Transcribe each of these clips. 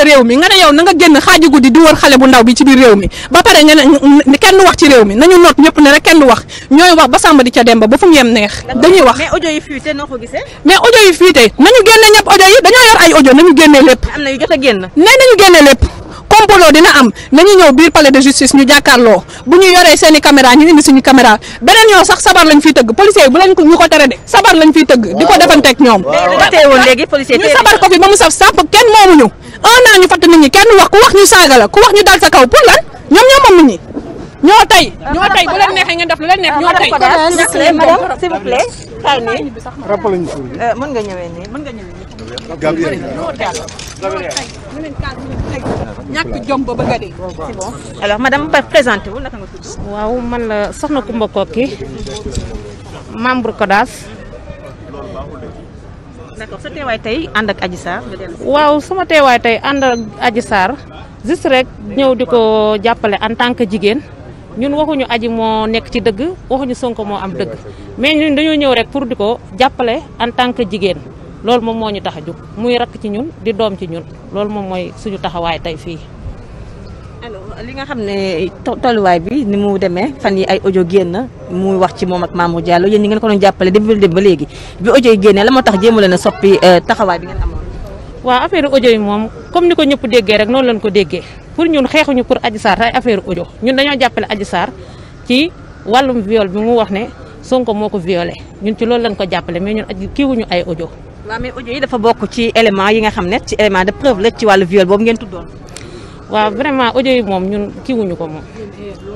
sa réew mi nga ne yow na nga génn xaaji guddi di wër xale bu ndaw bi ci biir réew mi ba pare kenn wax ci réew mi ñu noot ñëpp ne rek kenn wax ñooy wax ba sàmba di ca dem ba ba fu mu yem neex wax mais audio yi fuité noo yi fuité nañu génne ñëpp audio yi dañoo yor ay audio nañu génne lépp am na yu jot a génn ne génne lépp complot dina am nañu ñëw biir palais de justice ñu jàkkaarloo bu ñu yoree seen i caméra ñu indi suñu caméra beneen yoon sax sabar lañ fiy tëgg policier yi bu leen ñu ko tere de sabar lañ fiy tëgg di ko defanteeg ñoom ñu sabar ko fi ñi kenn wax ku wax ñu saaga la ku wax ñu dal sa kaw pour lan ñoom ñoo moom nit ñi ñoo tey ñoo tey bu leen neexee def lu leen neex ñoo tey. madame s'il vous plaît euh, mën nga ñëwee ba a dee. c'est bon alors présenté wu naka waaw man la soxna Kumba Kokki membre CODAS. d'accord sa teewaay tey ànd ak Adji Sarr waaw sama teewaay tey ànd ak Adji Sarr juste rek ñëw di ko jàppale en tant que jigéen ñun waxuñu aji moo nekk ci dëgg waxuñu Sonko moo am dëgg mais ñun dañoo ñëw rek pour di ko jàppale en tant que jigéen loolu moom moo ñu tax a jóg muy rakk ci ñun di doom ci ñun loolu moom mooy suñu taxawaay tey fii alors li nga xam ne tolluwaay bi ni mu demee fan yi ay audio génn mu wax ci moom ak Mamour Diallo yéen ñi ngeen ko doon jàppale depuis le début ba léegi bi audio yi génnee la moo tax jéem leen a soppi euh, taxawaay bi ngeen amoon. waaw affaire audio yi moom comme ni ko ñëpp déggee rek noonu lañ ko déggee pour ñun xeexuñu pour Adji Sarr ay affaire audio ñun dañoo jàppale Adji Sarr ci wàllum viol bi mu wax ne Sonko moo ko violé ñun ci loolu lañ ko jàppale mais ñun kiiwuñu ay audio. waaw mais audio yi dafa bokk ci élément yi nga xam ne ci élément de preuve la ci wàllu viol boobu ngeen tuddoon waaw vraiment ojo yi moom ñun kiiwuñu ko moom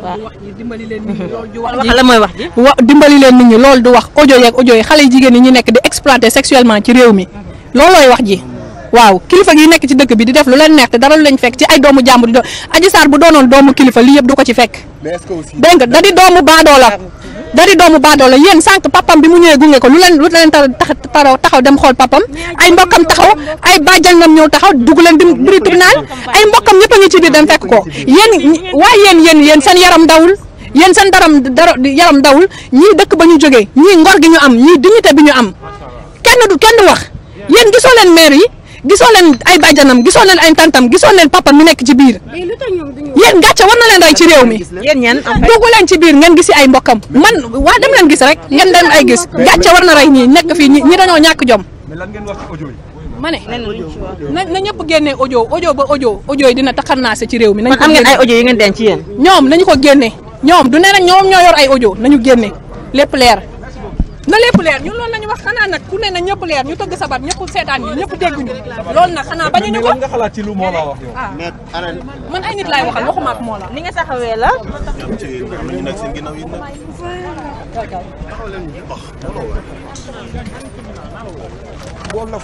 waaw dimbali leen nit ñi loolu du wax la mooy wax wa dimbali leen nit loolu du wax audio yeeg audio yi xale yi jigéen ñi ñu nekk di exploité sexuellement ci réew mi loolooy wax ji waaw kilifa gi nekk ci dëkk bi di def lu leen neex te dara lu leen fekk ci ay doomu jàmbur di doon Adji Sarr bu doonoon doomu kilifa li yëpp du ko ci fekk dégg nga da di doomu baadoola dari doomu baadoo la yéen sànq papam bi mu ñëwee gunge ko lu leen lu leen taxaw taxaw dem xool papam ay mbokkam taxaw ay bàjjanam ñëw taxaw dugg leen di biri tribunal ay mbokkam ñëpp a ngi ci biir dem fekk ko yéen waaye yéen yéen yéen seen yaram dawul yéen seen daram dara yaram dawul ñii dëkk ba ñu jógee ñii ngor gi ñu am ñii dignité bi ñu am kenn du kenn du wax yéen gisoo leen maire yi gisoo leen ay bàjjanam gisoo leen ay tantam gisoo leen papa mi nekk ci biir yéen gàcce war na leen rey ci réew mi dugg leen ci biir ngeen gisi ay mbokkam man waa dem leen gis rek ngeen dem ay gis gàcce war na rey ñii nekk fii ñi dañoo ñàkk jom ma ne na na ñëpp génnee audio audio ba audio audio yi dina taxarnaase ci réew mi na am ngeen ay audio yi ngeen denc yéen ñoom nañu ko génne ñoom du nee nag ñoom ñoo yor ay ojoo nañu génne lépp leer na lépp leer ñun loolu la ñu wax xanaa nag ku ne na ñëpp leer ñu tëgg sabar ñëpp seetaan ñu ñëpp dégg ñu nag xanaa bañu ñu ko la ah. man ay nit laay waxal waxuma ak moo la ni nga taxawee la ñu nekk seen ginnaaw